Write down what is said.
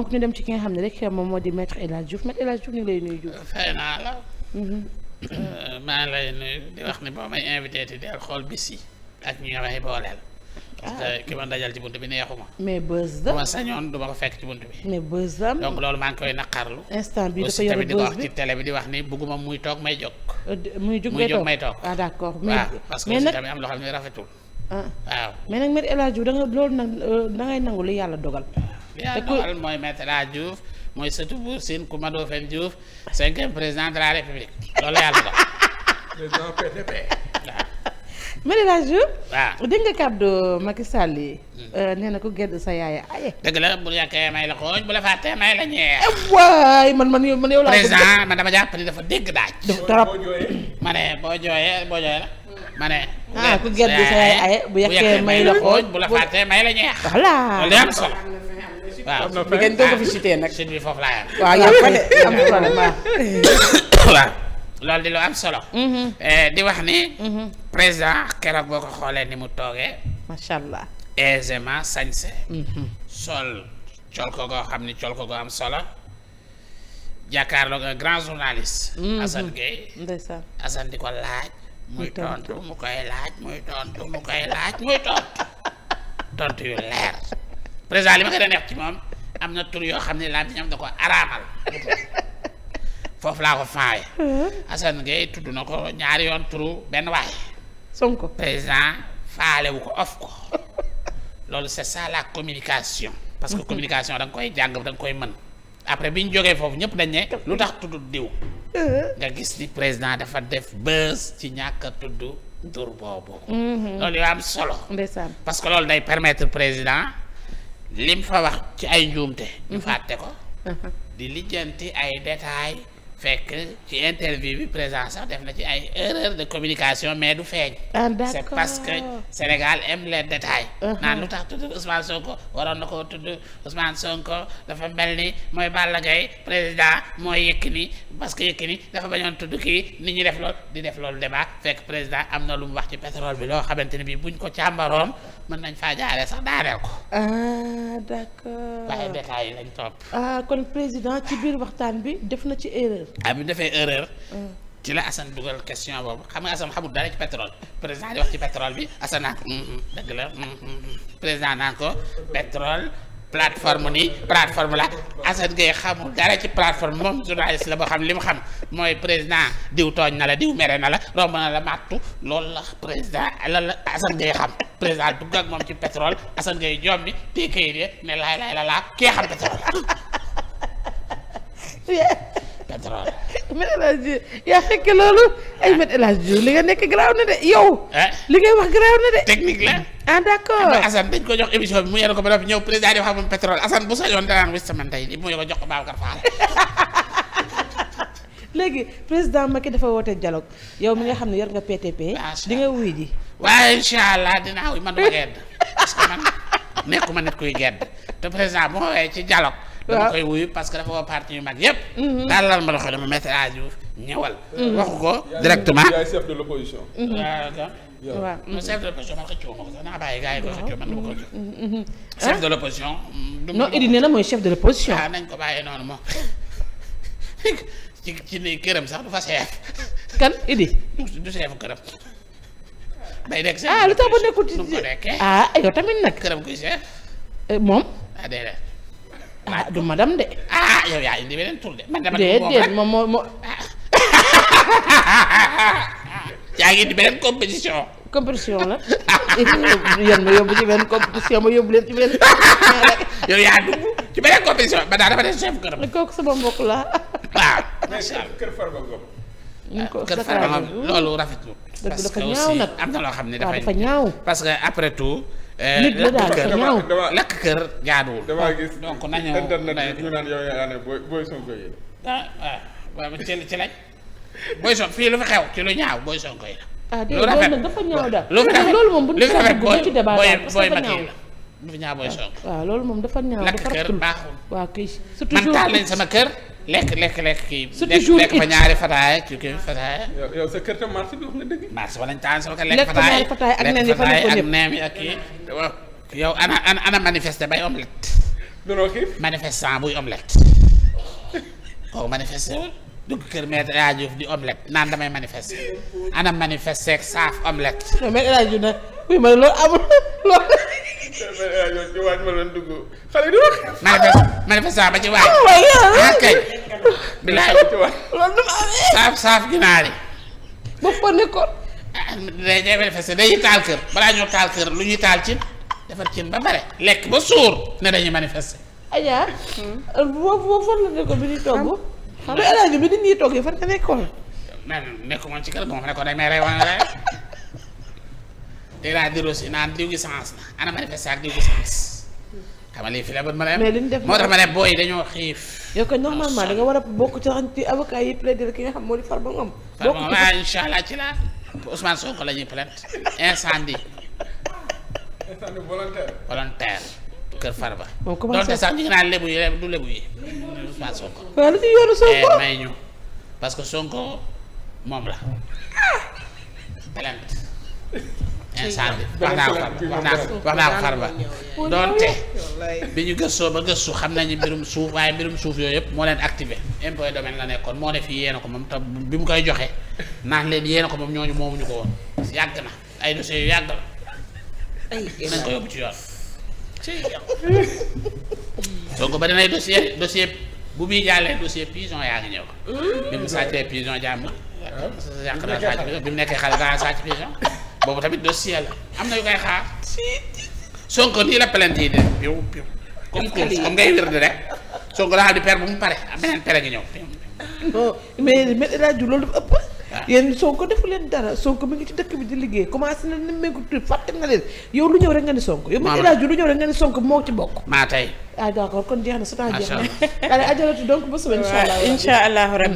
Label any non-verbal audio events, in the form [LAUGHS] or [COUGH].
donc ñu dem ci ki nga xam ne rek moom la. Mhm. Euh, maa ngi lay nuyu di wax ne te del xool bis yi ak ñu may booleel. parce que ah. ki ma dajal ci bunt bi neexuma. mais buzz da ma sañoon du ko fekk ci bunt bi. mais buzz da donc loolu maa ngi koy naqarlu. instant bi dafa yor buzz bi aussi tamit di ko wax ci télé bi di wax ni bugguma muy toog may jóg. Euh, muy jóg may toog may toog. ah d' accord mais waaw parce que aussi tamit am loo xam ne rafetul. Ah. waaw da nga loolu nag euh, da nangu li yàlla dogal. yaa doxal mooy maître El Hadj Diouf mooy sëtu Buur Sine Coumba Ndoffène Diouf cinquième président de la république loolu yàlla dox. président PDP. Mari la jour waaw dégg nga kàddu Macky Sall yi hmm. euh, nee na ko gedd sa yaaya aye dëgg la bu yàkkee may la xooj bu la fàttee may la ñeex eh, waay man man man yow laa président dafa dégg daaj dafa trop boo jooyee boo waaw bi ngeen doog a visité nag. chute bi foofu laa yor. waaw yaa ngi fa de am problème waaw. loolu di lu am solo. Mhm. Eh, di wax ni. Mhm. président keroog boo ko xoolee ni mu toogee. macha allah. aisément sañse. Mhm. sol col ko goo xam ni col ko goo am solo. jàkkaarloog un grand journaliste. Assane Gueye. ndeysaan Assane di ko laaj. muy tontu mu koy laaj muy tontu mu koy laaj muy tontu. tontu yu leer. président li ma gën a neex ci moom am na tour yoo xam ne laa ñam da ko araamal foofu laa ko faawe Assane Gueye tudd na ko ñaari yoon turu benn waay Sonko président faale wu ko of ko loolu c'est ça la communication parce que mhm. communication danga nga koy jàng da nga koy mën après bi ñu jógee foofu ñëpp dañ ne lu tax tudd diw euh. nga gis ni président dafa def bës ci ñàkk a tudd tur boobu mhm. loolu yoo am solo parce que loolu day permettre président lim fa wax ci ay njuumte. ñu mhm. fàtte ko. Mhm. di lijjanti ay détails fekk ci interview bi président sax def na ci ay erreur de communication mais du feeñ. ah d'accord c'est parce que Sénégal aime les détails. Mhm. naan lu tax tudd Ousmane Sonko waroon na koo tudd Ousmane Sonko dafa mel ni mooy Balla Gaye président mooy Yékini parce que Yékini dafa bañoon tudd kii ni ñi def loolu di def loolu débat fekk président am na lu mu wax ci pétrole bi loo xamante ne bii buñ ko càmbaroom mën nañ faa sax daaneel ko. ah d'accord waaye détails yi lañ topp. Ah, kon président ci biir waxtaan bi def na ci erreur. ah bi defee erreur. Ah. ci la Assane dugal question boobu xam nga Assane xamul dara ci pétrole président di wax ci pétrole bi Assane naan ko président naan ko pétrole. plateforme nii plateforme la Assane Gueye xamul dara ci plateforme moom journaliste la boo xam li mu xam mooy président diw tooñ na la diw mere na la romb na la màttu loolu la président loolu la xam président dugg ak moom ci pétrole Assane Gueye joom bi téye kayit ne laay laay la laa kee xam pétrole [LAUGHS] pétrole. [LAUGHS] Me El Hadj Diouf yaa fekke loolu ay Me El li nga nekk garaaw na de yow. Eh? li ngay wax garaaw na de. technique la. ah d'accord dañ ko jox émission bi mu yore ko ba noppi ñëw président di wax moom pétrole Assane bu sañoon danaan wis ko jox ko Babacar Fall. [LAUGHS] léegi président Macky dafa woote dialogue yow mi nga xam ne yor nga PTP. di nga wuy ji. waaye incha allah dinaa wuy man duma gedd parce que man nekkuma nit kuy gedd te président bu ma woowee ci dialogue. dama ah. koy wuyu parce que dafa woo parti yu mag yëpp. daal lan ma la ko dama message yu ñëwal. Mhm. waxu ko directement chef de l'opposition. Mhm. Ah, waaw man chef de ko sax naa bàyyi gars yi ko mooy chef de l'opposition. waaw ah, [LAUGHS] ci ni këram sax du fa chef. kan Idi. du chef këram. day nekk chef ah lu tax ba nekkul ci ah yow tamit nag. këram kuy chef. Eh, moom. ah du madame de. ah yow yaa indi beneen tur de. déedéet moom moo moo. [LAUGHS] yaa ngi indi beneen compétition. compétition la. [LAUGHS] yéen ma yóbbu ci beneen compétition ma yóbbu leen ci beneen. yow yaa dugg ci beneen compétition ba daal dafa def chef kër. kooku sama mbokk la. waaw. Ah. macha allah kër Farba ko kër Farba Ngom loolu rafetul. parce que aussi loo xam ne ah, dafay ñaaw parce que après tout. Eh, nit la daal ñaaw lakk kër jaaduwul. damaa oh, gis donc nañu internet ñu naan yow yaa ne booy booy sonko yi la. ah, ah. waaw ci ci lañ booy sonko fii lu fi xew ci lu ñaaw booy sonko yi la. ah dégg nga loolu nag dafa ñaaw daal. lu rafet loolu moom bu ñu ci ci débat daal parce que dafa ñaaw la. du fi ñaaw booy ah, sonko. waaw loolu moom dafa ñaaw dafa rafetul lakk kër baaxul. waaw kay surtout man taal lañ sama kër. lekk lekk lekk kii. surtout lekk fa ñaari fataaya ci kii fataaya. yow sa kër tam marché bi wax nga dëgg. marché wala ñu taan yi ak yow ana ana bay omelette. non buy omelette. kooku manifester wul. kër maître El Hadj di omelette naan damay manifester. ana manifester saaf omelette. non mais El Hadj Diouf nag loolu amul [LAUGHS] manifesta ba ci waaj. ah saaf saaf ginaar yi. ba fa nekkoon. ah day day manifester dañuy taal kër balaa ñoo taal kër lu lekk ba suur togg. bi nit togg fan la nekkoon. nekkuma ci kër ba ma fa nekkoon dañ may rey woon rek. dégg di rosi naan diw gi sens ana manifester ak diw gi sens xam nga lii fi ma la mais moo tax ma ne booy dañoo xiif. yow ko normalement war a bokk ci ci avocat yi plaider di la Ousmane Sonko la moom eh, parce que Sonko la. Ah! plainte. instant eh, bi wax naa ko wax naa wax naa ko xar ba doonte bi ñu gëstoo ba gëstu xam nañu mbirum suuf waaye mbirum suuf yooyu yëpp moo leen activé impôt domaine la nekkoon moo ne fii yéena ko moom te bi mu koy joxe naan leen yéena ko moom ñooñu moomuñu ko woon yàgg na ay dossiers yu yàgg la nañ ko yóbbu ci yoon ba danay dossier dossier bu muy jàllee dossier pigeon yaa ngi ñëw mm. bi mu sàccee pigeon jàmm ah. yàq na sàcc bi mu nekkee xale daa sàcc pigeon boobu tamit dossier la am na yu koy xaar. Sonko nii la plainte yi de yow yow. comme que comme ngay wér di rek Sonko daal di per bu mu pare am ah, beneen pere gi ñëw. non mais mais loolu dafa ëpp. Ah. yéen Sonko defu leen dara Sonko mi ngi ci dëkk bi di liggéey commencé na ni mu tur fàtte leen yow lu ñëw rek nga ni Sonko. yow mi rajo lu ñëw rek nga ni Sonko moo ci bokk. maa tey. ah d'accord kon jeex na su taa jeex na. macha allah donc ba suba incha allah.